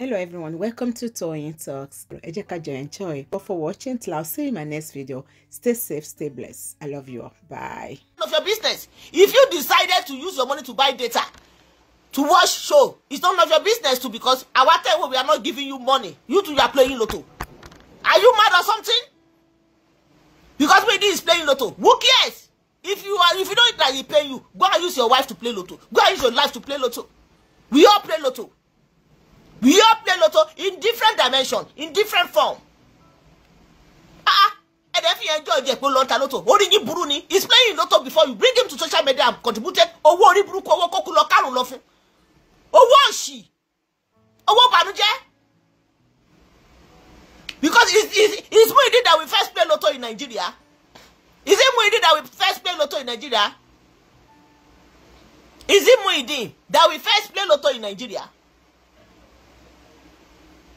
hello everyone welcome to Toyeen Talks ẹ jẹ́ ká enjoy but for watching till i'll see you in my next video stay safe stay blessed i love you all bye. of your business if you decided to use your money to buy data to watch show it's none of your business to because our time we are not giving you money you two you are playing lotto are you mad or something because we is playing lotto who cares if you are if you don't like he pay you go and use your wife to play lotto go and use your life to play lotto we all play lotto We all play lotto in different dimension, in different form. Ah, ah. and if you enjoy the people lotto lotto, origi burú ni is playing lotto before you bring him to social media and contributed. Owó orí burúkú owó kókó lọ karùn lọ fún. Owó òṣì. Owó bànújẹ́. Because is it's, is Muideen that we first play lotto in Nigeria. Is it Muideen that we first play lotto in Nigeria? Is it Muideen that we first play lotto in Nigeria?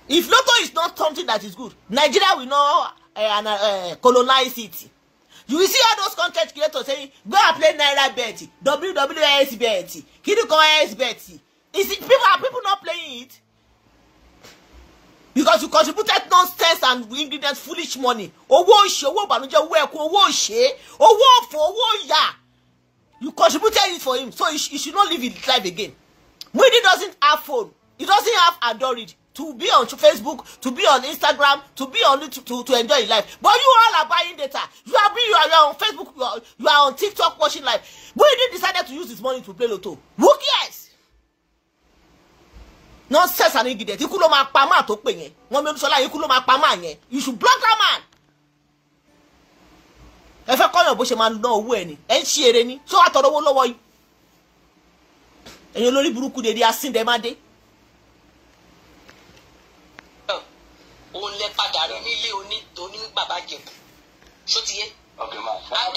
if Lotto is not something that is good Nigeria will not uh, uh, colonize it you see all those content creators saying go and play naira bet wws bet kiriko s bet is it people are people not playing it because you contributed nonsense and ingredients foolish money owó òṣè owó ìbànújẹ́ owó ẹkún owó òṣè owó òfò owó ìyà you contributed it for him so he, should not live his life again Muideen doesn't have phone he doesn't have Android to be on Facebook, to be on Instagram, to be on to, to, to enjoy life. But you all are buying data. You are being, you are, you are on Facebook, you are, you are on TikTok watching life. But you didn't decide to use this money to play lotto. Who cares? Nonsense and ingredient. You could not pa máa tó pè yẹn. Wọ́n not olúṣọlá yẹn ikú ló máa pa máa You should block that man. If Ẹ fẹ́ kọ́yàn bó ṣe máa ná owó ẹ̀ ni. Ẹ ń ṣe eré ni. Ṣé wàá tọrọ owó lọ́wọ́ yìí? Ẹ̀yin olórí burúkú dèdè asíndẹ̀mádé. òun lẹ padà rí nílé oní tóní bàbá jẹ̀bù ṣó ti yé.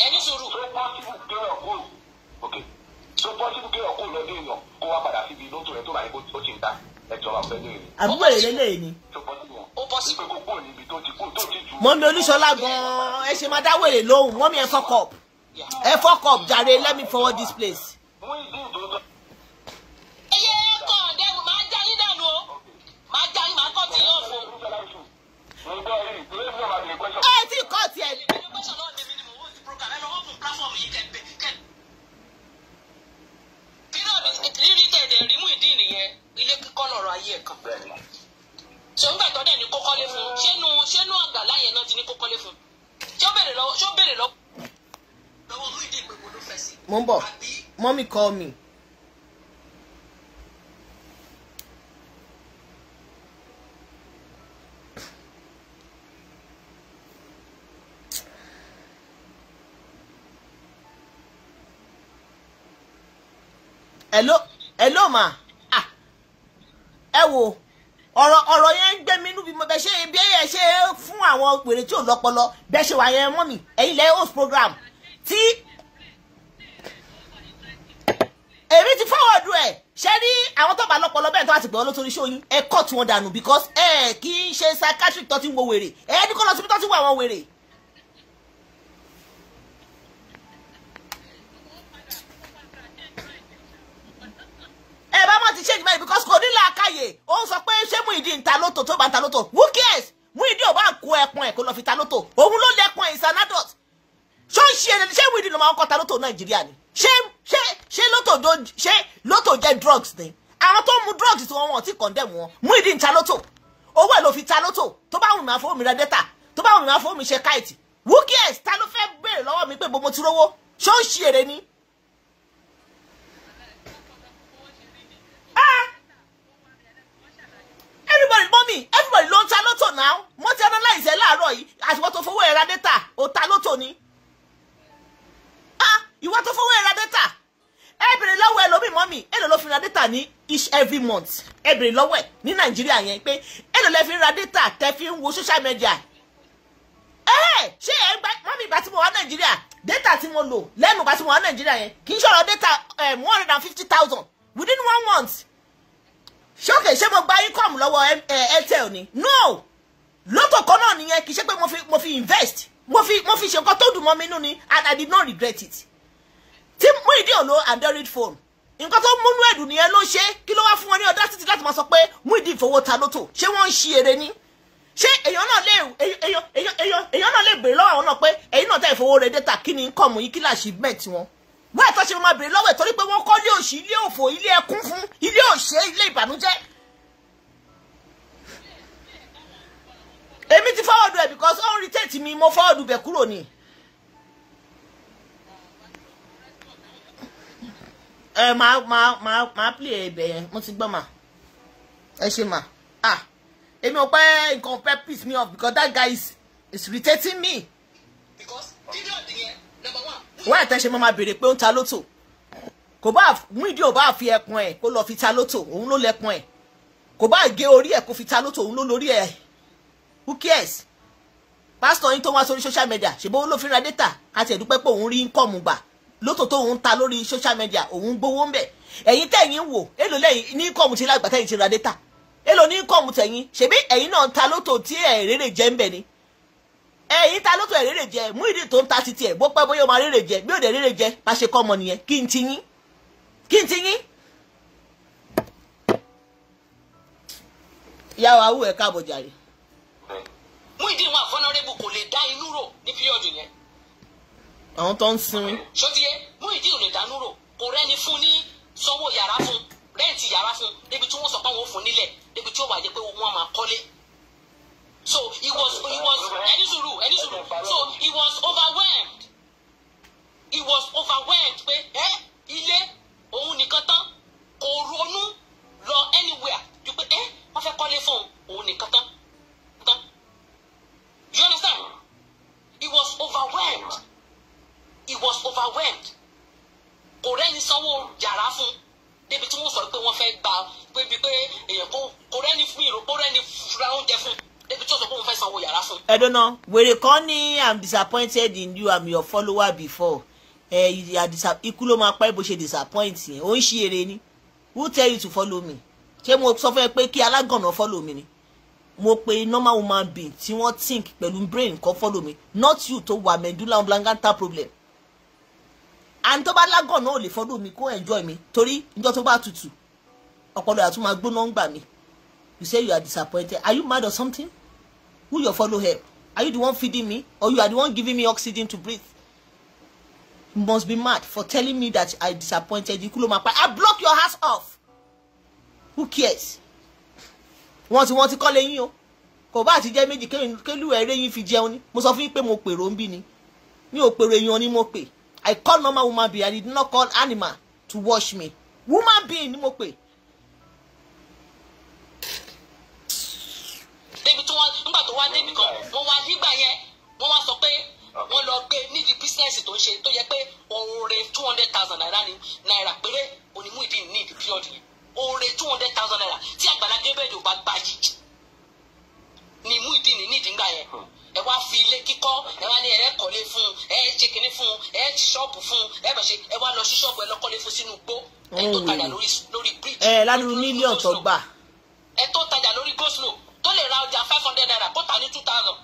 ẹni sùúrù. so possible pé ọkọ okay so possible pé ọkọ lọ dé èèyàn kó wá padà síbi lótò rẹ tó bá yẹ kó ti ń ta ẹjọ máa fẹ́ léèrè. àbúrò rẹ lélẹ́yìn ni. ó bọ́ sí. ìpè kókó níbi tó ti kó tó ti jù. mọ́mí olúṣọlá gan-an ẹ ṣe máa dáwèrè lóhùn mọ́mí ẹ fọ́kọ̀ ẹ fọ́kọ̀ jàre let me forward this place. kọ́ lọ̀rọ̀ ayé ẹ̀ kan. ṣé ń gbàgbọ́ dẹ̀ ní fún un ṣénú ṣénú àgbà náà ti ní kó kọ́lé fún un ṣé ó béèrè lọ́wọ́ ṣé ó béèrè lọ́wọ́. lọ́wọ́ ló ló fẹ́ sí. mo ń bọ̀ mọ́mí call me. Hello, hello ma ẹ wò ọ̀rọ̀ ọ̀rọ̀ yẹn ń gbé mi inú bí mo bẹ ṣe bí ẹ ṣe fún àwọn wèrè tí ò lọ́pọlọ bẹ ṣe wà yẹn mọ́ mi ẹ̀yin lẹ́ host program tí èmi ti fọwọ́dù ẹ̀ ṣe ní àwọn tó bá lọ́pọlọ tó bá ti gbọ́ lótorí sóyún ẹ kọ́ tí wọ́n dànù because ẹ kì í ṣe psychiatric tó ti ń wo wèrè ẹ ní kọ́ lọ síbi tó ti ń àwọn wèrè láàyè ó sọ pé ṣé Muyideen ń ta lóto tó bá ń ta lóto who cares Muyideen ò bá kó ẹpọn ẹ kó lọ fi ta lóto òun ló lẹpọn is an adult ṣó ń ṣe ẹni ṣé Muyideen ló máa ń kọ́ ta lóto Nàìjíríà ni ṣé ṣé ṣé lóto ṣé lóto jẹ́ drugs ni àwọn tó mu drugs tí wọ́n wọ́n ti condemn wọn Muyideen ń ta lóto owó ẹ̀ ló fi ta lóto tó bá wù mí máa mi ra data tó bá wù mí máa mi ṣe káìtì who cares ta ló fẹ́ béèrè lọ́wọ́ mi pé mo ti rówó ṣó ń mọ́mì everybody ló ń ta lótò náà mo ti analyze ẹ láàárọ̀ yìí àtiwọ́ tó fowó ẹ̀ data ò ta lótò ni ah ìwọ tó fowó ẹ̀ ra data ẹ bèrè lọ́wọ́ ẹ lómi mọ́mì èlò ló fi ra data ní each every month ẹ bèrè lọ́wọ́ ẹ ní nàìjíríà yẹn pé èlò lẹ fi ra data tẹ fi ń wo social media ẹ ṣé ẹ ń gbá mọ́mì ìgbà tí mo wá nàìjíríà data tí mo lò lẹ́nu ìgbà tí mo wá nàìjíríà yẹn kì í ṣọ̀rọ̀ data eh, one hundred and fifty thousand within one month ṣókè ṣé mo gba income lọ́wọ́ eh, eh, airtel ni no lọ́tọ̀ kan náà nìyẹn kì í ṣe pé mo fi mo fi invest mo fi mo fi ṣe nǹkan tó dùn mọ́ mi nú ni and i did not regret it tí mo ìdí òun lo android phone nǹkan tó múnú ẹ̀dùn nìyẹn ló ṣe kí ló wá fún wọn ní ọ̀dá títí láti máa sọ pé mú ìdí ìfowóta lóto ṣé wọ́n ń ṣe eré ni ṣé èèyàn náà lè èèyàn náà lè béèrè lọ́wọ́ àwọn náà pé èyí náà tẹ̀ ìfowó rẹ̀ dẹ́ta kí ni income yìí kí ni achievement wọn wọ́n ẹ̀tọ́ ṣe máa bèrè lọ́wọ́ ẹ̀ torí pé wọ́n kọ́ ilé òṣì ilé òfò ilé ẹkún fún ilé òṣè ilé ìbànújẹ́. èmi ti fọwọ́dù ẹ̀ because ó ń rí tètè mi mo fọwọ́dù bẹ̀ kúrò ni. ẹ máa máa máa máa play ẹ bẹ̀ yẹn mo ti gbọ́ mà ẹ ṣe mà ah èmi ò pẹ́ nǹkan pẹ́ piss me off because that guy is is irritating me. because period yẹn number one wọ́n àtẹ̀ ṣe máa béèrè pé ó ń ta lótò kò bá mídìí ò bá fi ẹpọn ẹ kó lọ fi ta lótò òun ló lẹpọn ẹ kò bá gé orí ẹ kó fi ta lótò òun ló lórí ẹ who cares pásítọ̀ yín tó wá sórí social media ṣùgbọ́n ó ló fi ra data àti ẹ̀dúpẹ́ pé òun rí ínkọ́ọ̀mù gbà lótò tó òun ta lórí social media òun gbowó ń bẹ̀ ẹ̀yin tẹ̀yìn wò èlò lẹ́yìn ní ínkọ́ọ̀mù tí lágbàtà yìí ti ra data èlò ní ínkọ́ọ̀mù tẹ̀yìn ṣèbí ẹ̀yin náà ta lótò tí ẹ̀ jẹ́ ń bẹ̀ ni ẹ̀yin ta ló tún ẹ̀ rírè jẹ mú ìdí tó ń ta titi ẹ̀ bó pẹ́ bóyá o máa rírè jẹ bí ò dẹ̀ rírè jẹ bá ṣe kọ́ ọmọ nìyẹn kí n ti yín kí n ti yín. ìyá wa wú ẹ̀ káàbọ̀ jàre. mú ìdí wọn àfọnárẹ́bù kò lè dá inú rò ní píríọ̀dù yẹn. àwọn tó ń sinmi. sotiye mú ìdí ò lè dánú rò kò rẹ́ni fún ní sanwó yàrá fún rẹ́ǹtì yàrá fún débi tí wọ́n sọ pé àwọn ò fún nílẹ̀ débi tí ó wà jẹ́ pé wọ́n máa kọ́lé so he was he was ẹni sùúrù so he was overwhelmed he was overwhelmed pé ẹ ilé òun nìkan tán kò ronú lọ anywhere ju pé ẹ wọ́n fẹ́ kọ́lé fún òun nìkan tán tán you understand he was overwhelmed he was overwhelmed kò rẹ́ni sanwó yàrá fún un débi tí wọ́n sọ pé wọ́n fẹ́ gba pé bíi pé èèyàn kò rẹ́ni fún ìrò kò rẹ́ni ra oúnjẹ fún tí o sọ pé òun fẹ́ ẹ dọ́nà wèrè kan ní i'm disappointed in you i'm your follower before ẹ ikú ló máa pẹ́ bó ṣe disappoint yẹn ó ń ṣí eré ni who tell you to follow me ṣé mo sọ fún ẹ pé kí alágànná follow mi ni mo pe normal woman being tí wọ́n think pẹ̀lú brain kan follow me not you tó wà medulla oblongata problem and tó bá lágànná ò lè follow mi kó enjoy mi torí níjọ́ tó bá tutù ọpọlọ àtúmọ̀ gbóná ń gbà mí you say you are disappointed are you mad or something who your follow help are you the one feeding me or you are the one giving me oxygen to breathe you must be mad for telling me that i disappointed you Kulo máa i block your house off who cares wọ́n ti wọ́n ti kọ́lé yín o kò bá àti jẹ́ méjì kélu ẹ̀rẹ́ yín fi jẹun ni mo sọ fún yín pé mo pèrò ń ni mi ò pèrò èèyàn ni mo pè i call normal woman being i did not call animal to wash me woman being ni mo pè. débi tí wọ́n nígbà tó wá débi kan wọ́n wá nígbà yẹn wọ́n wá sọ pé wọ́n lọ gbé nídìí bísínẹ́sì tó ń ṣe tó yẹ pé oore two hundred thousand naira ni naira péré onímú ìdí ní ìdí píọ̀dù yẹn oore two hundred thousand naira tí Àgbàlá Gabriel ò bá gbà yìí ni mú ìdí ní nídìí ńgbà yẹn ẹ wá fi ilé kíkọ́ ẹ wá ní ẹ kọ́lé fún ẹ ṣe kínní fún ẹ ti ṣọ́ọ̀bù fún ẹ bẹ̀ ṣe ẹ wá lọ sí ṣọ́ọ̀bù ẹ lọ kọ́lé fún sínú gbó ẹ tó tajà lórí bíríjì ẹ ládùúgbò mílíọ̀n tó gbà ẹ tó tajà lórí goslow tó lè ra ọjà five hundred naira kó tà ní two thousand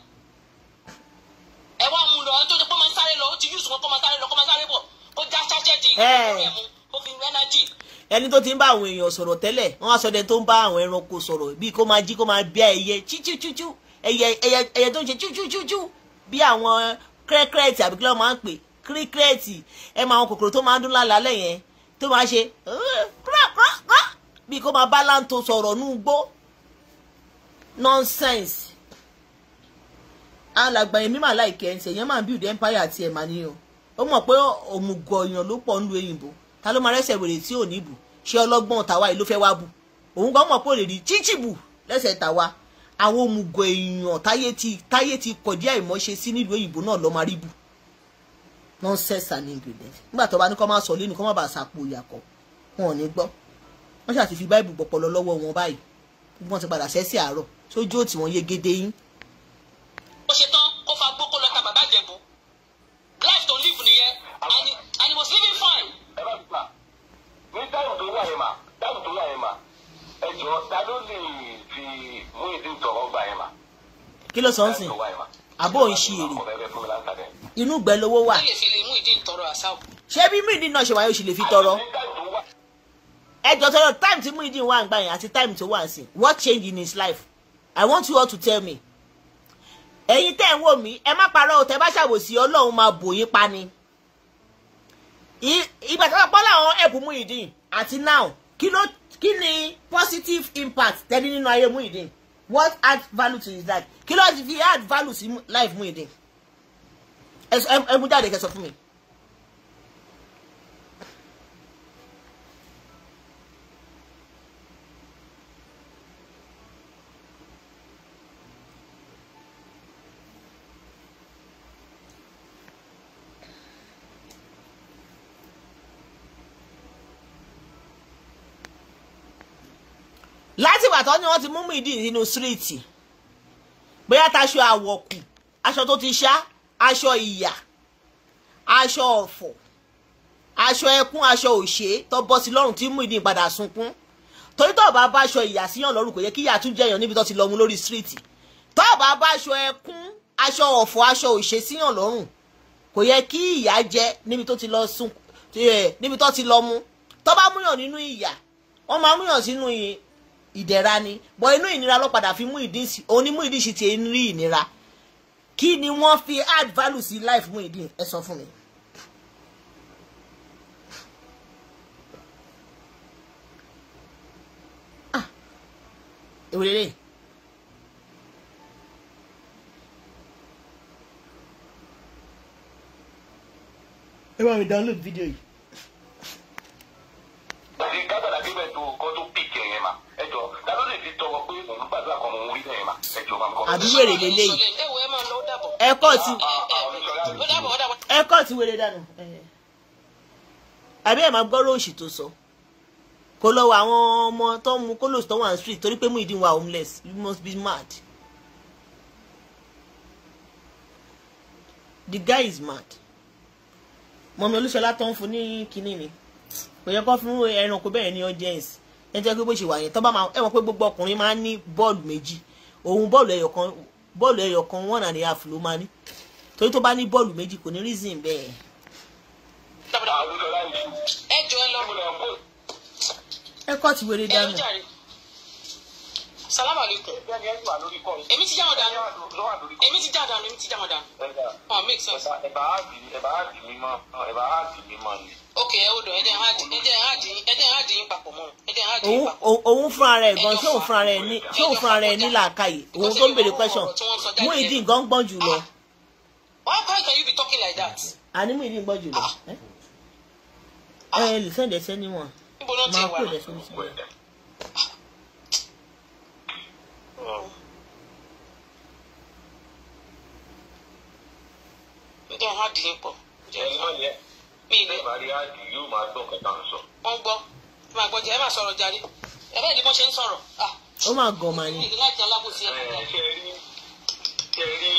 ẹ wá mú lọ tó ṣe kó máa sáré lọ ó ti yúùsù wọn kó máa sáré lọ kó máa sáré bọ̀ kó já ṣáṣẹ́ẹ̀tì ìgbàlódé mu kó fi ẹnájì. ẹni tó ti ń bá àwọn èèyàn sọ̀rọ̀ tẹ́lẹ̀ wọ́n á sọ ẹni tó ń bá àwọn ẹranko sọ̀rọ̀ bíi kó máa jí kó máa bí ẹyẹ chíchíchíchú ẹyẹ tó ń ṣe chíchíchíchú bí àwọn kírẹ́kírẹ́tì àbí kílọ̀ máa ń pè kírẹ́kírẹ́tì ẹ máa wọn kòkòrò tó máa ń dún lálẹ́ yẹn tó máa ṣe bí kó máa bá láǹtó sọ̀rọ̀ nú gbó nonsense alàgbà yẹn mímà láìkẹ́ ẹ̀ yẹn máa ń build empire àti ẹ̀ mà ní o ó mọ̀ pé òmùgọ̀ èèyàn ló pọ̀ ń lu èyìnbó ta ló máa rẹ́sẹ̀ wèrè tí ò ní bù ṣé ọlọ́gbọ́n tàwa yìí ló fẹ́ wá bù òun kan mọ̀ pé ó lè rí chichi bù lẹ́sẹ̀ tàwa àwọn òmùgọ̀ èèyàn táyé ti táyé ti kọ̀dí àìmọ́ṣe sí nílùú òyìnbó náà lọ́ máa rí bù nonsense and ingredient nígbà tó bá ní kó máa sọ lẹ́nu kó má bàa sàpò ìyàkọ̀ wọn ò ní gbọ́ wọ́n wọ́n ti padà ṣẹ́ àárọ̀ sójú òtí wọ́n yegede yín. ó ṣe tán kó fa gbókó lọ ta bàbá ìjẹ̀bú life to live nìyẹn and he was living fine. ẹ bá mi gbà ní táwọn tó wà yẹn mà táwọn tó wà yẹn mà ẹ jọ ta ló lè fi mú èdè ìtọ̀rọ̀ gbà yẹn mà. kí ló sọ ń sìn àbó ń ṣe èrè inú gbẹ lówó wà. ṣé bí mídìí náà ṣe wáyé ó ṣe lè fi tọrọ ẹjọ sọ̀rọ̀ time tí Muyideen wà ń gbà yẹn àti time tó wà ń sìn what change in his life i want you all to tell me ẹ̀yin tẹ́ ẹ̀ ń wò mí ẹ má parọ́ o tẹ́ bá ṣàwòsí ọlọ́run máa bò yín pa ni ìgbà tó pọ́ làwọn ẹ̀bù Muyideen àti now kí ló kí ni positive impact tẹ́lí nínú ayé Muyideen what add value to his life kí ló fi add value sí life Muyideen ẹ mú jáde kẹ́ sọ fún mi. láti ìgbà tó ni wọ́n ti mú Muideen nínú síríìtì bóyá taṣọ àwọ̀kù aṣọ tó ti ṣá aṣọ ìyà aṣọ ọ̀fọ̀ aṣọ ẹkún aṣọ òṣè tó bọ́ sí lọ́rùn tí Muideen padà sunkún torí tó bá bá aṣọ ìyà síyàn lọ́rùn kò yẹ kí ìyà tún jẹyàn níbi tó ti lọ mú lórí síríìtì tó bá bá aṣọ ẹkún aṣọ ọ̀fọ̀ aṣọ òṣè síyàn lọ́rùn kò yẹ kí ìyà jẹ níbi tó ti lọ sun eh, níbi tó ti lọ mú tó bá múyàn nínú ìyà wọ́n máa múyàn sínú ìdẹ̀ra ni bọ́ inú ìnira ló padà fi mú ìdín sí òun ni mú ìdín sí ti ń rí ìnira kí ni wọ́n fi add value sí life mú ìdín ẹ sọ fún mi. ìwúrẹ́rẹ́ ah, ẹ mi download video yìí. àbí wèrè lélẹ́yìí ẹ̀kọ́ ti ẹ̀kọ́ ti wèrè dànù àbí ẹ̀ máa gbọ́rọ̀ òṣì tó sọ kó lọ wọ àwọn ọmọ tó ń mu kó lòsì tó wà ní street torí pé mú ìdí wa homeless you must be mad the guy is mad mọ̀mí olúṣọlá tó ń fún ní kínní ni kò yẹ kó fún ẹranko bẹ́ẹ̀ ní audience ẹ jẹ́ pé bó ṣe wà yẹn tó bá máa ẹ mọ̀ pé gbogbo ọkùnrin máa ń ní bọ́ọ̀lù méjì òun bọ́ọ̀lù ẹyọ kan bọ́ọ̀lù ẹyọ kan one and a half ló máa ní torí tó bá ní bọ́ọ̀lù méjì kò ní reason bẹ́ẹ̀. ẹ kọ́ ti wéré dáná salamu alaikum. bẹ́ẹ̀ni oh, ẹ gan ṣé òun fúnra rẹ̀ ní ṣé òun òun tó ń béèrè question ah. mú ìdí nǹkan jù lọ. can you be talking like that. àní mú ìdí nǹkan jù lọ. ẹ lè sẹ́ndẹ̀ẹ́sẹ́ níwọ̀n máa kó ìdẹ̀sẹ́ níwọ̀n ǹjẹ́ hàn dì í pọ̀. ẹ̀yin náà yẹ ẹ máa rí àdì yóò máa gbọ́ kẹta ń bẹ́ẹ̀ ni wọ́n ṣe ń sọ̀rọ̀. ó máa gàn máa ní. ìdílé àti alábòsí ẹ̀ ṣe rí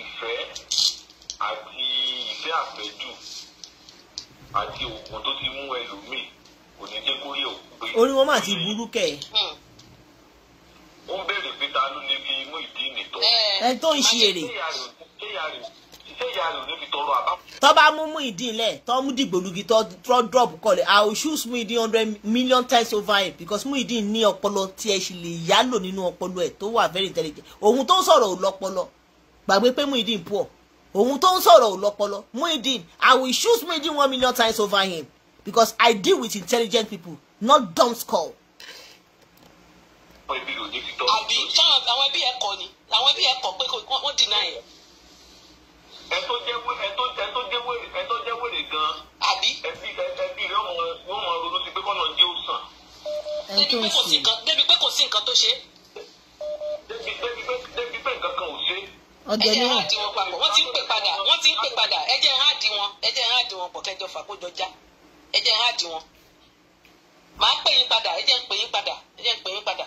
ìfẹ́ àti ìfẹ́ àfẹ́jù àti oògùn tó ti mú ẹlòmíì kò ní jẹ́ kórè òkú pé. orí wọn máa ti burú kẹ́ ẹ̀. Hmm ó ń béèrè pé ta ló ní kí mú ìdí nìtọ́. ẹ tó ń ṣe èrè. tọ́ bá mú mú ìdí ilẹ̀ tọ́ mú dìgbòlugi tọ́ tọ́ drop kọ́lẹ̀ i will choose mú ìdí hundred million times over it. because mú ìdí ní ọpọlọ tí ẹ ṣì lè yálò nínú ọpọlọ ẹ tó wà very intelligent òun tó ń sọ̀rọ̀ ò lọ́pọlọ gbàgbé pé mú ìdí poor òun tó ń sọ̀rọ̀ ò lọ́pọlọ mú ìdí i will choose mú ìdí one million times over him because i deal with intelligent people not dumb skull àbí táwọn àwọn ẹbí ẹ kọ ni àwọn ẹbí ẹ kọ pé wọ́n dìnnà ẹ̀. ẹ tó jẹ́ wẹ́rẹ̀ ẹ tó jẹ́ wẹ́rẹ̀ gan-an. àbí. ẹbí ẹbí rẹ wọ́n mọ ronú sí pé kọ́nà jẹ́ òsàn. débi pé kò sí nǹkan tó ṣe. débi pé nǹkan kan ò ṣe. ọdẹ ni wọn. ẹ jẹ́ háàdì wọn papọ̀ wọ́n ti ń pè padà wọ́n ti ń pè padà ẹ jẹ́ háàdì wọn ẹ jẹ́ háàdì wọn pọ̀ kẹjọ fàkójọ já ẹ jẹ́ háàdì wọn màá pè yín padà ẹ jẹ́ ń pè yín padà ẹ jẹ́ ń pè yín padà.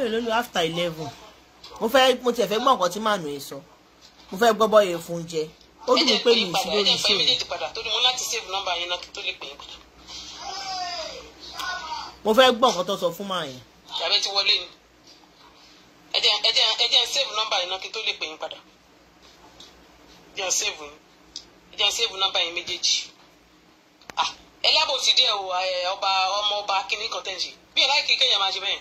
mọ́mí ló lù after eleven mo fẹ́ mo tiẹ̀ fẹ́ gbọ́ nǹkan tí màánù yìí sọ mo fẹ́ gbọ́ bọ́yẹ̀ fún jẹ ó dùn mí pé mi ì sí lórí iṣẹ́ mi. mo fẹ́ gbọ́ nǹkan tó sọ fún màá yẹn. ìyàbẹ ti wọlé ni ẹ jẹ́ ẹ jẹ́ ẹ jẹ́ ń save nọ́mbà yìí náà kí n tó lè pè yín padà ẹ jẹ́ ń save yín ẹ jẹ́ ń save nọ́mbà yín méjèèjì ah, ẹ lábòsí díẹ̀ o ọba ọmọ ọba kìnnìkan tẹ̀ ń ṣe bí ẹ láì kí kéèyàn máa ṣe bẹ́ẹ̀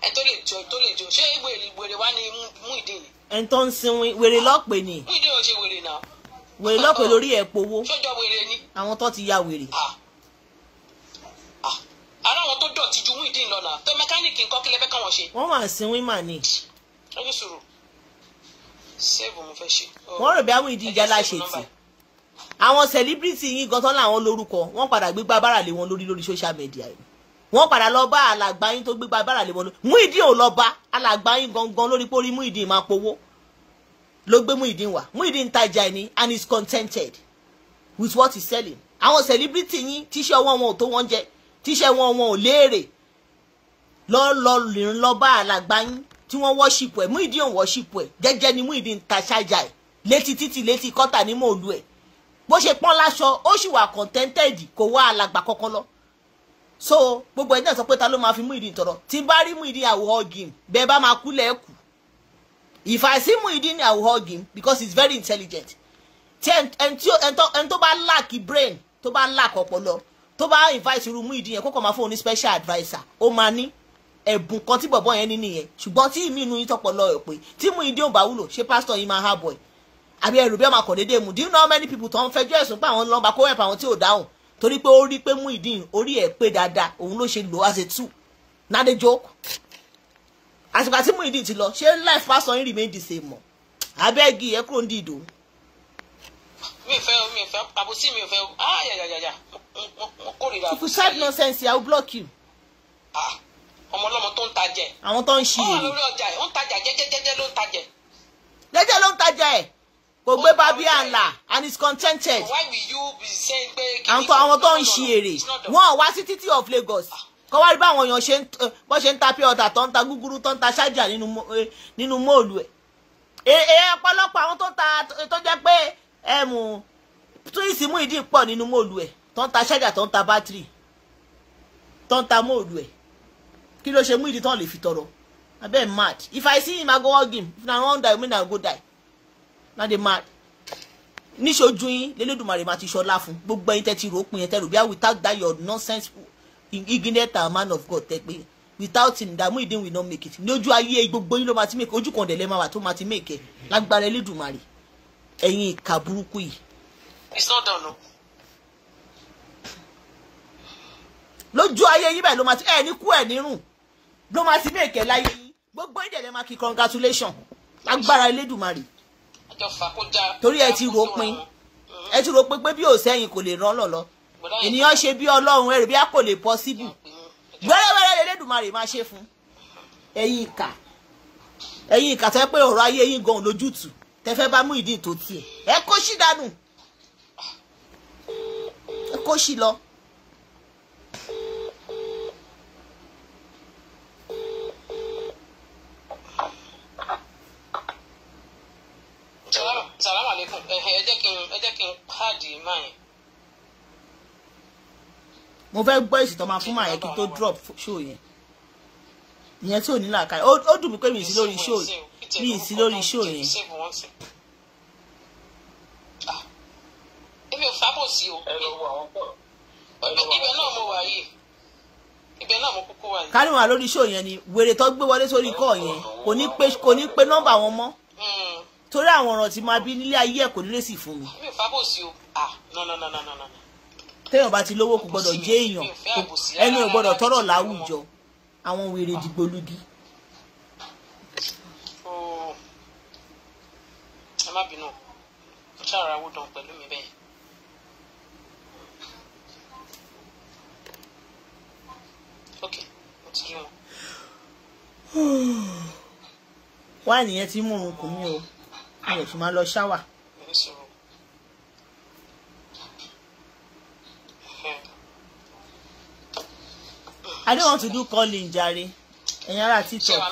ẹ tó lè jọ tó lè jọ ṣé wèrè wèrè wá ní mú ìdí ni. ẹ tó ń sinwin wèrè lọ́pẹ̀ ni. mú ìdí ò ṣe wèrè náà. wèrè lọ́pẹ̀ lórí ẹ̀ powó. ṣọjọ́ wèrè ni. àwọn tó ti ya wèrè. ara àwọn tó dọ̀tí ju mú ìdí lọ́nà tó mẹkáníìkì nǹkan kí lè fẹ́ káwọn ṣe. wọ́n máa sinwin mà ní. ẹ ní sùúrù sẹ́ẹ̀bù mo fẹ́ ṣe. wọ́n rò bí àwọn ìdí ìjà láṣẹ tì àwọn sẹ̀líbírìtì yín gan tán láwọn lórúkọ wọ́n padà gbégbá bára lé wọn lórí lórí social media yìí wọ́n padà lọ bá alàgbà yín tó gbégbá bára lè wọlé Muyideen ò lọ bá alàgbà yín gangan lórí pórí Muyideen máa powó ló gbé Muyideen wá Muyideen ń tajà ẹni and is contented with what he's selling àwọn celebrity yín tíṣẹ́ ọwọ́ wọn ò tó wọ́n jẹ tíṣẹ́ wọn wọn ò léèrè lọ lọ rìn lọ bá alàgbà yín tí wọ́n worship ẹ̀ Muyideen ò wọ́ṣìpù ẹ̀ jẹ́jẹ́ ni Muyideen ń ta ṣájà ẹ̀ létí títì létí kọ́tà ní mòlú ẹ̀ bó ṣe pọ́n láṣọ ó sì wà contented kò wá alàgbà kọ́kọ́ lọ so gbogbo ẹni náà sọ pé ta ló máa fi mú ìdí tọrọ tí bá rí mú ìdí àwọ̀ ọ̀gìn bẹ́ẹ̀ bá máa kú lẹ́ẹ̀kù if i see muhideen i will hug him because he is very intelligent tí ẹn tó bá lack brain tó bá lack ọpọlọ tó bá invite irú muhideen yẹn kókò máa fún òní special adviser ó máa ní ẹ̀bùn kan tí bọ̀bọ̀ yẹn ní nìyẹn ṣùgbọ́n tí ìmí inú yín tọpọlọ ẹ̀ pé tí muhideen ò bá wúlò ṣé pásítọ̀ yín máa há boy, ẹ̀ àbí ẹrù bí ọmọ kò déédéé mu do you know how many people tó ń fẹjọ́ ẹ̀sùn pé àwọn lọ́ba kó ẹ̀pà àwọn tí ò dáhùn torí pé ó rí pé Muyideen orí ẹ̀ pé dáadáa òun ló ṣe lò as a two not a joke àsìkò àti Muyideen ti lọ ṣé life pastor yín remain the same mọ́ abẹ́gi ẹ kúrò ń di ìdò. mi fẹ́ mi fẹ́ àbòsí mi fẹ́ ayayaya ah, mo kórìíra. if you type nonsense I will block you. ah ọmọ ọlọ́mọ tó ń tajẹ. àwọn tó ń ṣe èrè. ó wà lórí ọjà ẹ̀ ó ń tajà jẹ́jẹ́jẹ́jẹ́ ló ń tajẹ. jẹ́jẹ́ ló ń tajà ẹ̀ kò gbé bábí àǹlà and is contented. àǹkọ àwọn tó ń ṣe èrè wọn wá sí títí of Lagos kọ́ wá rí báwọn èèyàn eh, bọ́ ṣe ń ta pure water tó ń ta gúgúrú tó ń ta ṣájà nínú móòlù eh, ẹ̀ èè eh, ọ̀pọ̀lọpọ̀ àwọn tó ń ta tó jẹ́ pé ẹ̀mù túwìsì mú ìdí pọ̀ nínú móòlù ẹ̀ tó ń ta ṣájà tó ń ta bátìrì tó ń ta móòlù ẹ̀ kí ló ṣe mú ìdí tán lè fi tọrọ abẹ́ mad if I see him I go hug him if na one die mean I go die náà dey mad níṣojú yín lélẹ́dùnmarè máa ti ṣọlá fún gbogbo ẹ̀yin tẹ́ ti rò ó pin yẹn tẹ́ rò bí i without that your nonsense ignorant and man of God tẹ́ without him dààmú ìdí we no make it lójú ayé gbogbo yín ló máa ti make ojú kan dẹ̀lẹ́ máa wà tó máa ti make ẹ̀ lágbára ẹlẹ́dùnmarè ẹ̀yin ìka burúkú yìí. ìsọdọ̀nù. lójú ayé yín báyìí ló máa ti ẹ̀ ní kú ẹ̀ nírùn ló máa ti make ẹ̀ láyé yín gbogbo ìdẹ̀lẹ́ máa kí congratulation lágbára ẹlẹ́dùnmarè torí ẹ ti ro pin ẹ ti ro pin pé bí ò sẹ́yìn kò lè rán lọ̀lọ́ ènìyàn ṣe bí ọlọ́run ẹ̀rì bí a kò lè pọ́síbù wẹ́rẹ́wẹ́rẹ́ lẹ́lẹ́dùnmarè máa ṣe fún ẹ̀yin ìkà ẹ̀yin ìkà tẹ́ pé ọ̀rọ̀ ayé yín gan lójútùú tẹ́ fẹ́ bá mú ìdí tó tiẹ̀ ẹ kó sí dànù ẹ kó sí lọ. ẹ jẹ́ kí n ẹ jẹ́ kí n pàdé máa yẹn. mo fẹ́ gbọ́ èsì tó máa fún màá yẹn kí n tó drop show yẹn ìyẹn tí ò ní làákàyè ó dùn mí pé mi ì sí lórí show mi ì sí lórí show yẹn. Ah. èmi ò sábò sí o ibẹ̀ náà mo wà yìí ibẹ̀ náà mo kúkú wà yìí. kárìnwá lórí show yẹn ni wèrè tó gbé wọlé sórí kọ́ yẹn kò ní pé nọ́mbà wọn mọ́. Hmm torí àwọn ọ̀rọ̀ tí máa bí nílé ayé ẹ̀ kò nílé sì fún mi. mi ah no no no no no. téèyàn bá ti lówó kò gbọdọ̀ jẹ́ èèyàn ẹni ò gbọdọ̀ tọrọ láwùjọ àwọn wèrè dìgbòlugi. ẹ má bínú mo ṣàrà owó dán pẹ̀lú mi bẹ́ẹ̀. ok mo ti wá nìyẹn tí mò ń kún mi o mi ò tún máa lọ ṣáwà. I don't want to do calling jare ẹ̀yin ara TikTok.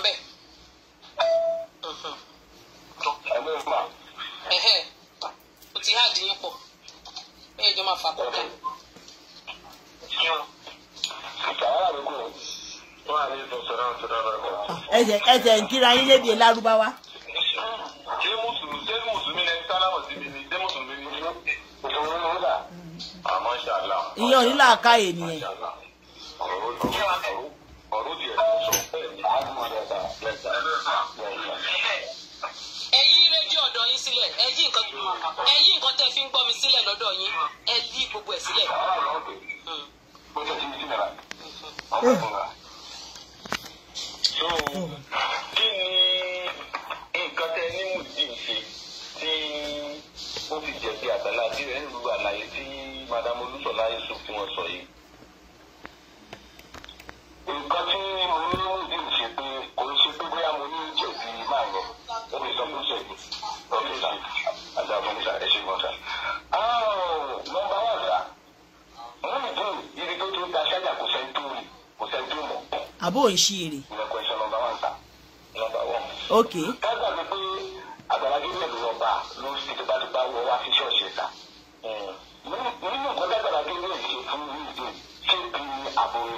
o ti há dín pọ̀ ẹ jọ máa fà ẹ jẹ́ ẹ jẹ́ ń kíra yín lébi lárúbáwá. ìyẹn ò ní làákàyè nìyẹn. ẹ̀yin rédíò ọ̀dọ̀ yín sílẹ̀ ẹ̀yin nǹkan tẹ́ fi ń gbọ́ mi sílẹ̀ lọ́dọ̀ yín ẹ lí gbogbo ẹ̀ sílẹ̀. so. gbogbo àlàyé tí madam olúṣọlá yusuf tí wọ́n sọ yìí. nǹkan tí mo ní ìdí ìṣe pé kò ń ṣe pé bóyá mo ní jẹ̀bi máa yẹn ó lè sọ pé jẹ̀bi ọ̀fíìsà àdàbọ̀nìṣà ẹ̀ṣẹ̀ mọ́ta. nọ́mbà wà sá mú ìdí ibi tó tó da ṣájà kò sẹ́ni rí kò sẹ́ni tó àbó ò ń ṣí èrè. ìrẹ̀kọ̀ ẹ̀ṣẹ̀ nọ́mbà wà sá nọ́mbà wà. ok. ká gbàgbé pé àgbàlagbé mẹ́lòó lọ́ba ló ń ṣe tó bá tó bá wọ wá fíṣọ́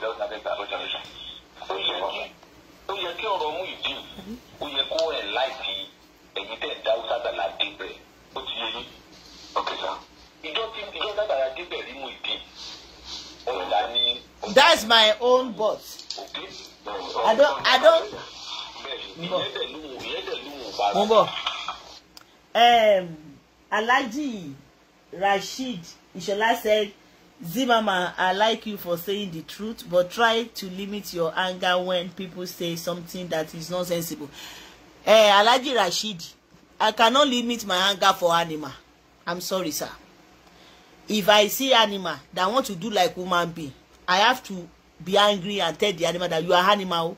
without having their generation. ó yẹ ó yẹ kí ọ̀rọ̀ mú ìdí ó yẹ kó ẹ̀ láìsí ẹ̀yìn tẹ̀ dá ó sábàlá dé bẹ̀ ó ti yẹ yín. ìjọ tí ìjọ sábàlá dé bẹ̀ rí mú ìdí ọ̀la ni. that's my own boss. I don't I don't. ìyẹn dẹ̀ ló ìyẹn dẹ̀ ló wò bá. mo bọ̀ Alhaji Rasheed Ishola said Zimmerman, I like you for saying the truth, but try to limit your anger when people say something that is not sensible. Eh, Alhaji Rasheed, I cannot limit my anger for animal. I'm sorry, sir. If I see animal that want to do like woman being, I have to be angry and tell the animal that you are animal.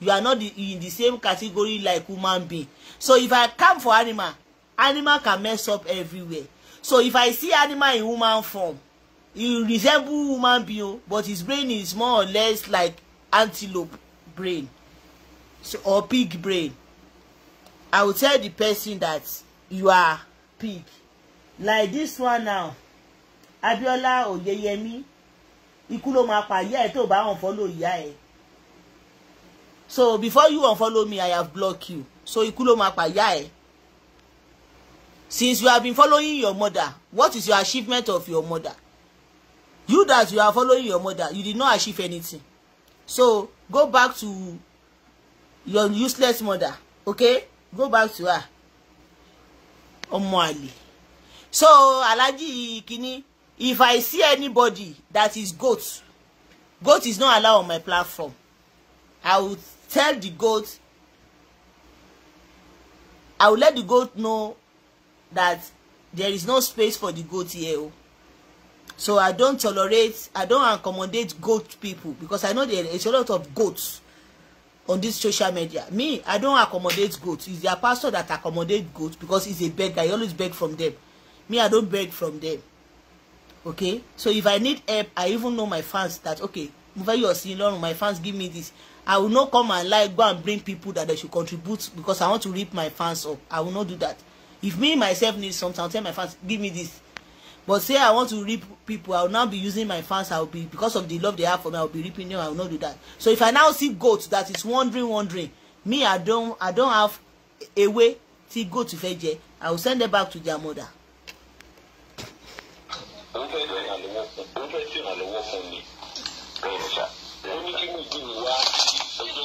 You are not the, in the same category like woman being. So if I come for animal, animal can mess up everywhere. So if I see animal in woman form, he resemble human being but his brain is more or less like antelope brain so, or pig brain i will tell the person that you are pig like this one now Abiola Oyeyemi ikú ló máa pa ìyá ẹ tó bá unfollow ìyá ẹ so before you unfollow me i have blocked you so ikú ló máa pa ìyá ẹ since you have been following your mother what is your achievement of your mother you that you are following your mother you did not achieve anything so go back to your useless mother okay go back to her ọmọ àlè so alaji kini if i see anybody that is goat goat is not allowed on my platform i will tell the goat i will let the goat know that there is no space for the goat here o oh so i don tolerate i don accommodate goat people because i know there is a lot of goats on this social media me i don accommodate goats it's their pastor that accommodate goats because he's a beggar he always beg from them me i don beg from them okay so if i need help i even know my fans that okay you are seeing lorun my fans give me this i will not come and lie go and bring people that they should contribute because i want to rip my fans up i will not do that if me myself need something i will tell my fans give me this but say i want to reap people i will now be using my fans i will be because of the love they have for me i will be reaping them i will not do that so if i now see goat that is wandering wandering me i don i don have a way tí goat fẹ́ jẹ i will send them back to their mother. ó fẹ́ ìrànlọ́wọ́ fún ó fẹ́ ìrànlọ́wọ́ fún mi bẹ́ẹ̀ ṣá ó ní kí mi dùn wá ọjọ́ kejì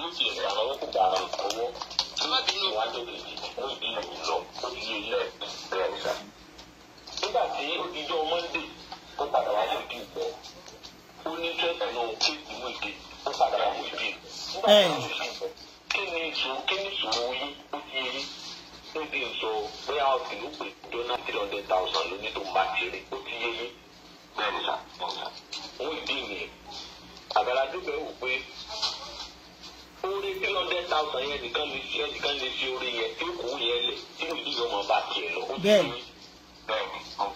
mo ti nígbà tí ó mọ́ndé ó padà wá mú ìgbọ́ ó ní tẹ́tà náà tí ìmú ìdí ó padà wá mú ìdí nígbà tí ó sì sọ kí kí ni ìṣòro yín ó ti yín ó di bóyá ọtí ló pè jọ́nà three hundred thousand ló tó ń bá kiri ó ti yé yín bẹ́ẹ̀ sà ìdí nìyẹn àgbàlá dúpẹ́ wò pé orí three hundred thousand yẹn nìkan lè ṣe ẹnìkan lè ṣe orí yẹn tí kò yẹn lẹ̀ tí mo ti yọ bá tiẹ̀ lọ. bẹ́ẹ̀ bẹ́ẹ̀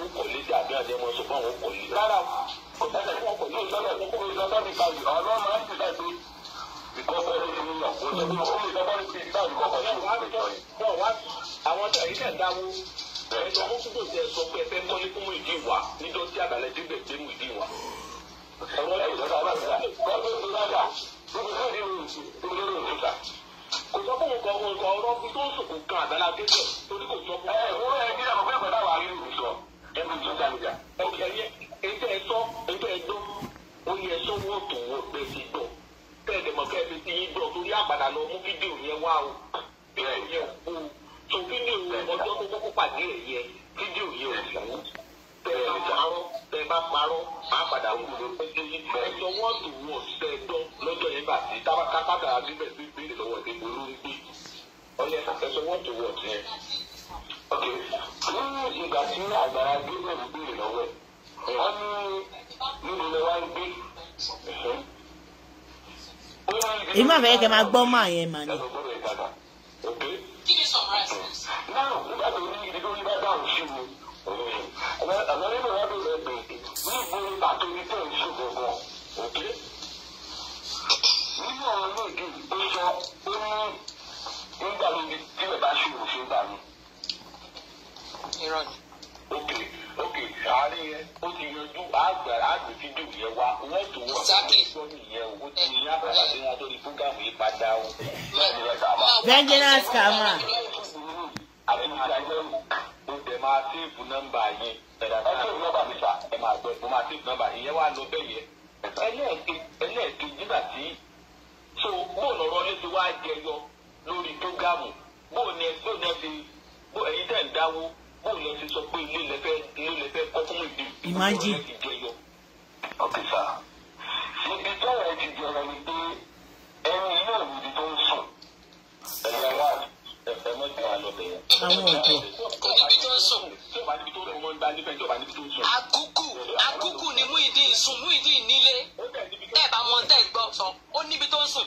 ń kọ̀lé dé àbí àjẹ́ mọ́ ṣùgbọ́n òun kọ̀lé. rárá o ẹsẹ̀ fún ọkọ̀ yóò sọ́dọ̀ ní kókó ìsọ́dọ̀ ní kàwé ọlọ́run máa ń tìlẹ̀ pé ìkọ́sọ́ ló ní yàn kó lọ́dún ó lè sọ́dọ̀ ní kìí táwọn ìkọ́kọ́ náà wá lè jọ bọ̀ wá àwọn ọjà yìí náà dáwó ẹ̀sọ́ fún kúkú ti ẹ̀sọ́ pé ẹ̀fẹ́ kọ́lé fún mú ìdí wa níjọ́ tí àgbàlẹ̀ débẹ̀ dé mú ìdí wa. ẹ̀rọ ìjọba aláàbẹ̀rẹ̀ kọ́ ló ń lọ́dà gbogbo ìlú ìlú ìlú ìlú ìlú kò sọ fún nǹkan ọmọ nǹkan ọ̀rọ̀ tó ń sòkò kan àgbàlá débẹ̀ torí kò sọ fún. ẹ ẹ wúrọ ẹ bí àwọn fẹẹ gbọ́dọ̀ wà á rí ìrù sọ. en bien. kẹ́ máa gbọ́ máa yẹn ni. scammer. àbẹ̀ni àdájọ́ mo dẹ̀ máa tíìpù nọ́mbà yìí ẹ̀dá tó ń nọ́mbà mi sà ẹ̀ máa gbẹ mo máa tíìpù nọ́mbà ìyẹn wà lọ bẹ́ẹ̀ yẹ ẹlẹ́ẹ̀kejì nígbà tí so bóun ọ̀rọ̀ ilé ti wá jẹyọ lórí prógámù bóun ni bóun ni ti bóun ẹ̀yin tẹ̀ ń dáwó bóun ni ti sọ pé ilé lẹ́fẹ́ ilé lẹ́fẹ́ kọ́ fún ìdí ìmọ̀jì jẹyọ. ọ̀kẹ́sà ibi tọ́wọ̀ ti jẹrọ ni pé ẹni yóò wù ú tó ń sùn ẹ̀yà wa àwọn ọ̀dọ́. kò níbi tó ń sùn. àkúkù àkúkù ni Muyideen sùn Muyideen nílé ẹ bá wọn tẹ gbọ́ sọ ó níbi tó ń sùn.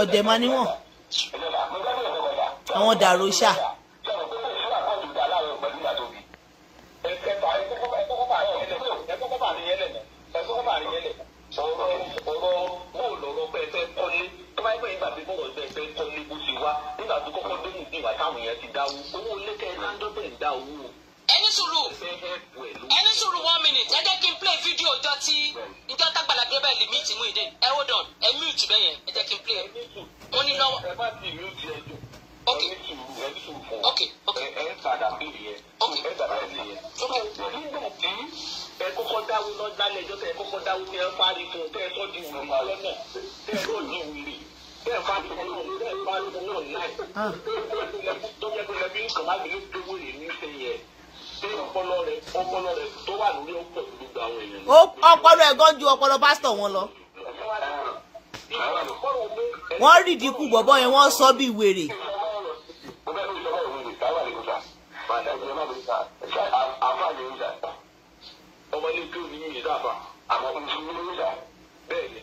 ọ̀dẹ̀ máa níwọ̀n àwọn dàrú ṣá. ọ̀rọ̀ wo lọ̀rọ̀ pé ẹ fẹ́ kọ́lé tó bá yẹ pé ìgbà tí mo wọ̀ ọ́ wa nígbà tó kọ́kọ́ dé ní ìwà táwọn yẹn ti dá owó owó lẹ́kẹ̀ẹ́ náà dọ́tẹ̀ ń dá owó. ẹni sùúrù ẹni sùúrù one minute ẹ jẹ́ kí n play fídíò ọjọ́ tí ìjọ́ tágbàlá dé bẹ́ẹ̀ lè mí ti mú ìdè ẹ hold on ẹ mute bẹ́ẹ̀ yẹn ẹ jẹ́ kí n play mo ní lọ́wọ́. ẹ má ti ok ok ok ẹ ẹ padà bí yẹn ẹ padà bí yẹn. nígbà tí ẹ kọ́kọ́ dáwó lọ́dá tẹ ẹ kọ́kọ́ dáwó tẹ ẹ parí tẹ ẹ tọ́jú ìwé lọ́nà bẹ́ẹ̀ bá ti wọ́n lórí bẹ́ẹ̀ bá ti wọ́n láì. tọ́jà tó lẹ́bí nǹkan má bìí tó wèrè ní ṣe ọpọlọ rẹ ju ọpọlọ pásítọ̀ wọn lọ. wọ́n rí ìdínkù bọ̀bọ̀ yẹn wọ́n sọ bí wèrè. ọmọdé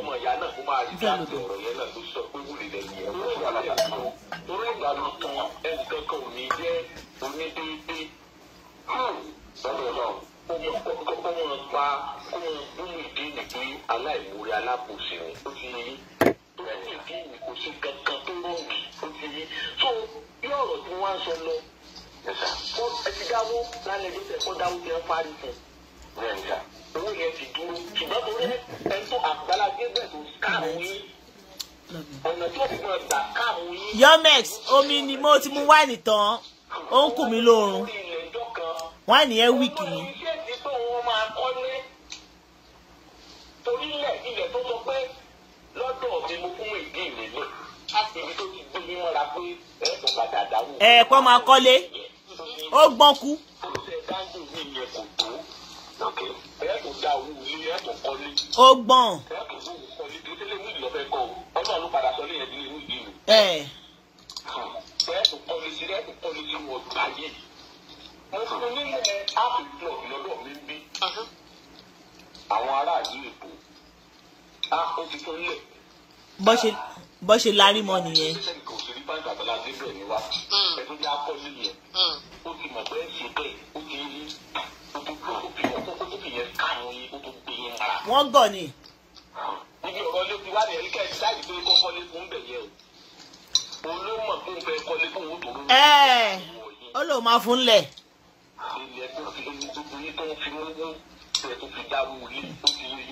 ọmọ ìyá náà kó máa rí láti ọ̀rọ̀ yẹn náà ló sọ pé wúlò lẹ́yìn ẹ̀ ló wà láyà tó torí ìlànà kan ẹnìkan kan ò ní jẹ́ onídéédé lọ́dọ̀ náà kó mọ kó mọ pa kó mọ nínú ìdí nìgbé aláìmoore alábòsí ni ó ti yí torí ìdí nìgbé kò sí kankan tó rọ̀bì ó ti yí so bí ọ̀rọ̀ tí wọ́n á sọ lọ ẹ ti dáwó lálẹ́ ló tẹ̀ kó dáwó tẹ̀ fárí fún un mọ́tòrí ẹ̀sùn Àgbàlá Gabriel tó káàmù ọ̀nà tí ó fi gbà káàmù yomex omi ni mo ti mu wáìnì tán ó ń kù mí lóorun wáìnì yẹn wíìkì ni. torílẹ̀ ilẹ̀ tó sọ pé lọ́dọ̀ mi mo kún ìdí mi lé ibi tó ti gbé mi pé ẹ̀ẹ́dùn padà dáwọ́. máa kọ́lé ó gbọ́n kú. tó kọ́lé. ó gbọ́n. ẹ àwọn aráàlú èkó bó ṣe bó mọ nìyẹn. ó ti mọ̀ pé ṣe bẹ́ẹ̀. wọ́n gọ̀ ni. ibi kan ló fi wá ní ẹ̀ríkà ẹ̀ ṣáàjì tó kọ́ kọ́lé fún bẹ̀ yẹn o òun ló mọ̀ pé òun fẹ́ kọ́lé fún òun tó rú. ẹ ẹ ó lóun máa fún lẹ. ilẹ̀ tó fi omi tó fi tó fi mú ilẹ̀ tó fi dáwọ́ ilé tó fi rí.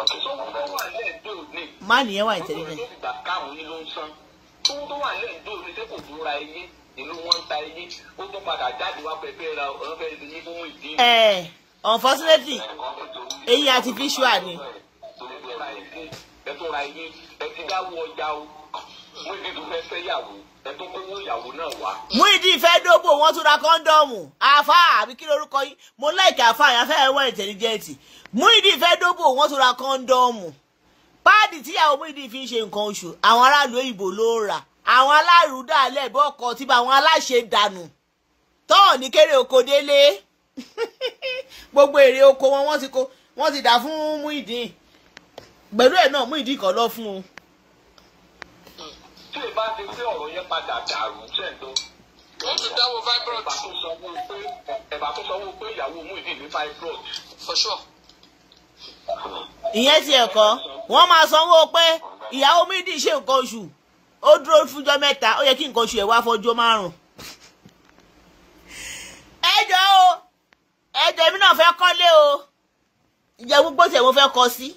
ọ̀tún tó wọ́n wà lẹ́ẹ̀dẹ́ òní. má nìyẹn wà ìtẹ̀lẹ́fẹ̀. ó ló gbà káwọn ní ló ń san tó wà lẹ́ẹ̀dẹ́ òní tẹ́ kò fúnra ẹyẹ ìlú unfortunately eyín artificial ni. ẹ tó ra eyín ẹ ti dáwọ́ ọjà o Muyideen fẹ́ fẹ́ yàwó ẹ tó kówó ìyàwó náà wá. Muyideen fẹ́ dógbò wọn tún ra kọ́ńdọ̀mù àfa àbí kí lorúkọ yìí mo láìka àfa àyàn fẹ́ wọ ìtẹ̀lígẹ́ǹtì Muyideen fẹ́ dógbò wọn tún ra kọ́ńdọ̀mù páàdì tíyàwó Muyideen fi ń ṣe nǹkan oṣù àwọn aráàlú òyìnbó ló ń rà àwọn aláàrú dàlẹ́ bí tí bá àwọn aláṣẹ dànù tọ́ọ̀ ní kéré oko gbogbo èrè oko wọn wọ́n ti kó wọ́n ti dà fún Muyideen pẹ̀lú ẹ̀ náà Muyideen kan lọ fún un. tí o bá ti tí ọ̀rọ̀ yẹn padà dàrú jẹ́ lọ. ó ti dáwọ́ fibroid. ẹ̀bà tó sanwó pé ìyàwó Muyideen ní fibroid. for sure. ìyẹn ti ẹ̀kọ́ wọ́n máa sanwó pé ìyàwó Muyideen ṣe nǹkan oṣù ó dúró fúnjọ́ mẹ́ta ó yẹ kí nǹkan oṣù ẹ̀ wá fọjọ́ márùn-ún. ẹ jọ̀ọ́ o ẹ̀jẹ̀ mi náà fẹ́ kọ́lé o ìjẹ̀bú gbòsè mo fẹ́ kọ́ sí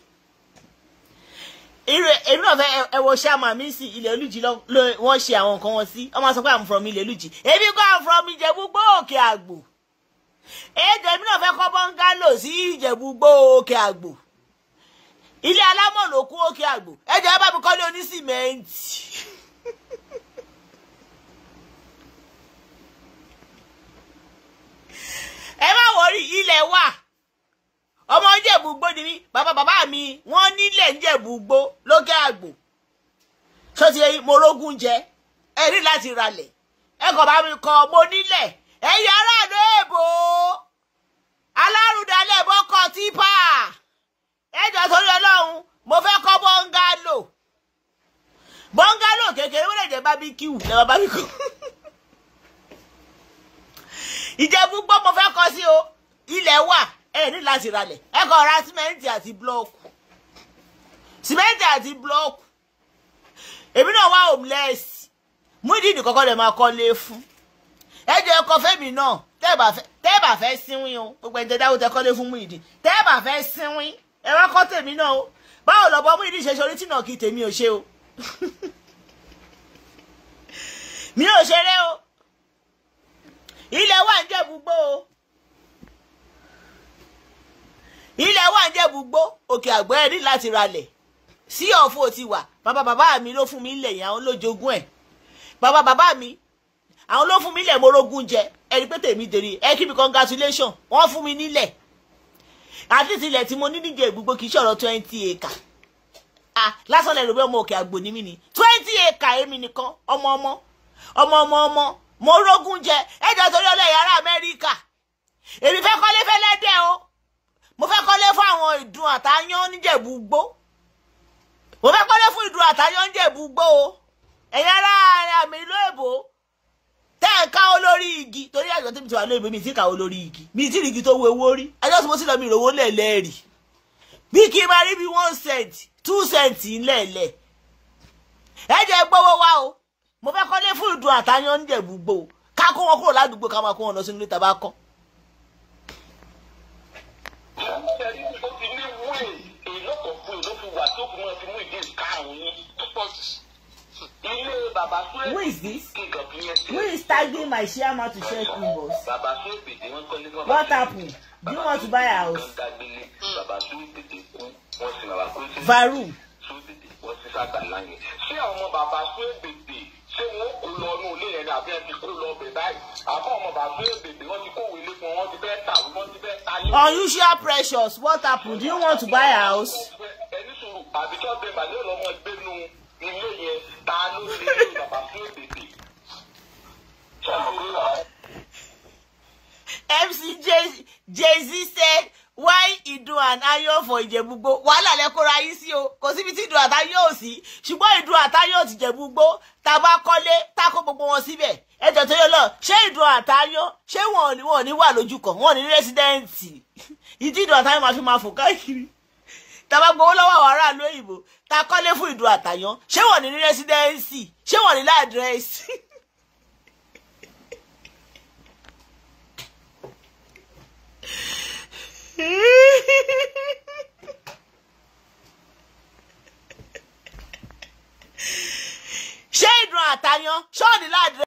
ire èmi náà fẹ́ ẹwọ ṣáàmà mi sí ilẹ̀ olùjì wọ́n ṣe àwọn nǹkan wọn sí ọmọ sọ pé I'm from ilẹ̀ olùjì èmi kọ́ I'm from ìjẹ̀bú gbó òkè àgbò ẹ̀jẹ̀ mi náà fẹ́ kọ́ bọ́ngálò sí ìjẹ̀bú òkè àgbò ilé alámọ̀ òkè àgbò ẹ̀jẹ̀ bá mi kọ́lé onísìmẹ́ǹtì. bàbá bàbá mi wọ́n nílẹ̀ ńjẹ̀bú gbó lókè àgbò ṣó ti mo rógún jẹ ẹ rí láti ralẹ̀ ẹ bá mi kọ mo nílẹ̀ ẹ̀yin aráàlú èbó alárùndálẹ̀ bó kọ tipa ẹjọ́ torí ọlọ́run mo fẹ́ kọ́ bọ́ngálò bọ́ngálò kékeré wọ́n lè jẹ́ bábíkíù lẹ́wọ̀n bábíkíù ìjẹ́bú gbọ́ mo fẹ́ kọ́ sí o ilẹ̀ wà ẹ ní láti ralẹ̀ ẹ kọ́ ra símẹ́ǹtì àti búlọ́ọ̀kù símẹ́ǹtì àti búlọ́ọ̀kù èmi náà wá homeless Muyideen kọ́kọ́ lè máa kọ́lé fún ẹ jẹ́ ọkọ fẹ́mi náà tẹ́ẹ̀bà fẹ́ síwín o gbogbo ẹ̀jẹ̀ dáwọ́ tẹ kọ́lé fún Muyideen tẹ́ẹ̀bà fẹ́ síwín ẹ̀rọ kọ́ tèmi náà o báwo lọ́bọ Muyideen ṣe ṣorí tìǹà kí o mi ò o ilẹ̀ wà ń jẹ́ ilẹ̀ wà ń jẹ́bù gbó òkè àgbẹ̀ rí láti ralẹ̀ sí ọ̀fọ̀ ti wà bàbá bàbá mi ló fún mi ilẹ̀ yẹn àwọn ló ẹ̀ bàbá bàbá mi àwọn ló fún mi ilẹ̀ mo rógún jẹ ẹni pé tèmi dèrè ẹ kí mi congratulation wọ́n fún mi nílẹ̀ àti tilẹ̀ tí mo ní níjẹ̀ gbogbo kì í ṣọ̀rọ̀ twenty acre ah lásán lẹ́nu pé ọmọ òkè àgbò ní mi ni twenty acre mi nìkan ọmọ ọmọ ọmọ ọmọ ọmọ mo rógún jẹ ẹ̀dọ̀ torí ọlọ́yà ará Amẹ́ríkà èmi fẹ́ kọ́lé fẹ́ lẹ́dẹ̀ o mo fẹ́ kọ́lé fún àwọn ìdun àtayán níjẹ̀bú gbó mo fẹ́ kọ́lé fún ìdun àtayán níjẹ̀bú gbó o ẹ̀yin ará àmì ìlú èbó tẹ́ ẹ̀ ká olórí igi torí àjọ tí mi ti wà lóyìnbó mi ti ká olórí igi mi ti rí igi tó wo owó rí ẹjọ́ tí mo sì lọ mi ìrówó lẹ̀lẹ́rì bí kí n máa rí bí one cent two cent ńlẹ̀lẹ̀ ẹ jẹ́ gbówó wá o mo fẹ́ kọ́lé fún ìdun àtayán níjẹ̀bú gbó o ká kó wọn kúrò ládùúgbò ká máa kó wọn lọ sínú ilé tàbá kọ́ tẹ̀rí tó fi ní wé ìlọ́kọ̀ọ́kú ìlọ́fíwà tó fi mọ́ ti mú ìdí ìkarùn-ún yín Ilé bàbá Súwèbì. Who is this? Who is tagging my share chairman to check inbox? Bàbá Súwèbì ni wọ́n kọ́ nígbà. What happened? Do you want to buy a house? Bàbá Súwèbì ti kú. bàbá Súwèbì. Varu. Súwèbì wọ́n sin sábà láyé. Ṣé àwọn bàbá Súwèbì ṣé wọn kò lọ inú ilé yẹn ni àbí ẹ ti kó lọ bẹ̀ báyìí? Àbọ̀ ọmọ bàbá Súwèbì wọ́n ti kó wèlé fún wọn ti fẹ́ tà unusual pressures what happened do you want to buy a house. ẹni sùn MC Jay-Z said why ìdun àtayọ̀ fọ ìjẹ̀búgbó wàhálà lẹ kóra yín sí o kò síbi tí ìdun àtayọ̀ ò sí ṣùgbọ́n ìdun àtayọ̀ ti jẹ̀búgbó tá a bá kọ́lé tá a kó gbogbo wọn síbẹ̀ ẹjọ́ tó yọ lọ ṣé ìdun àtayọ̀ ṣé wọn ò ní wà lójú kan wọn ò ní rẹ́sídẹ́ǹtì ìdí ìdun àtayọ̀ máa fi máa fò káàkiri tá a bá gbowó lọ́wọ́ àwọn aráàlú òyìnbó tá a kọ́lé fún ìdun àtayọ̀ ṣé wọn ò ní rẹ́sídẹ́ǹtì ṣé wọn ò ní láàdírẹ́sì ṣé ìdùn àtàyàn ṣọ́ọ̀dì ládìrẹ́.